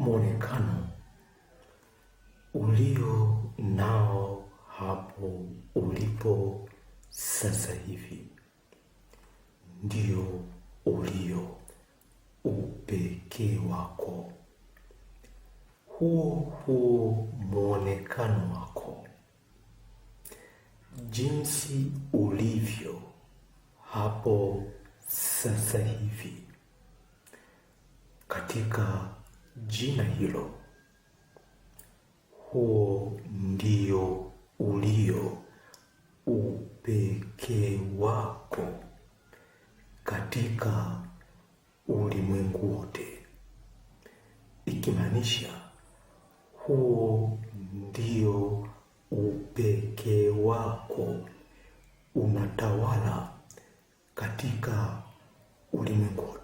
mwonekano ulio nao hapo ulipo sasa hivi ndio ulio upekee wako. Huo huo mwonekano wako, jinsi ulivyo hapo sasa hivi katika jina hilo, huo ndio ulio upekee wako katika ulimwengu wote, ikimaanisha huo ndio upekee wako unatawala katika ulimwengu wote.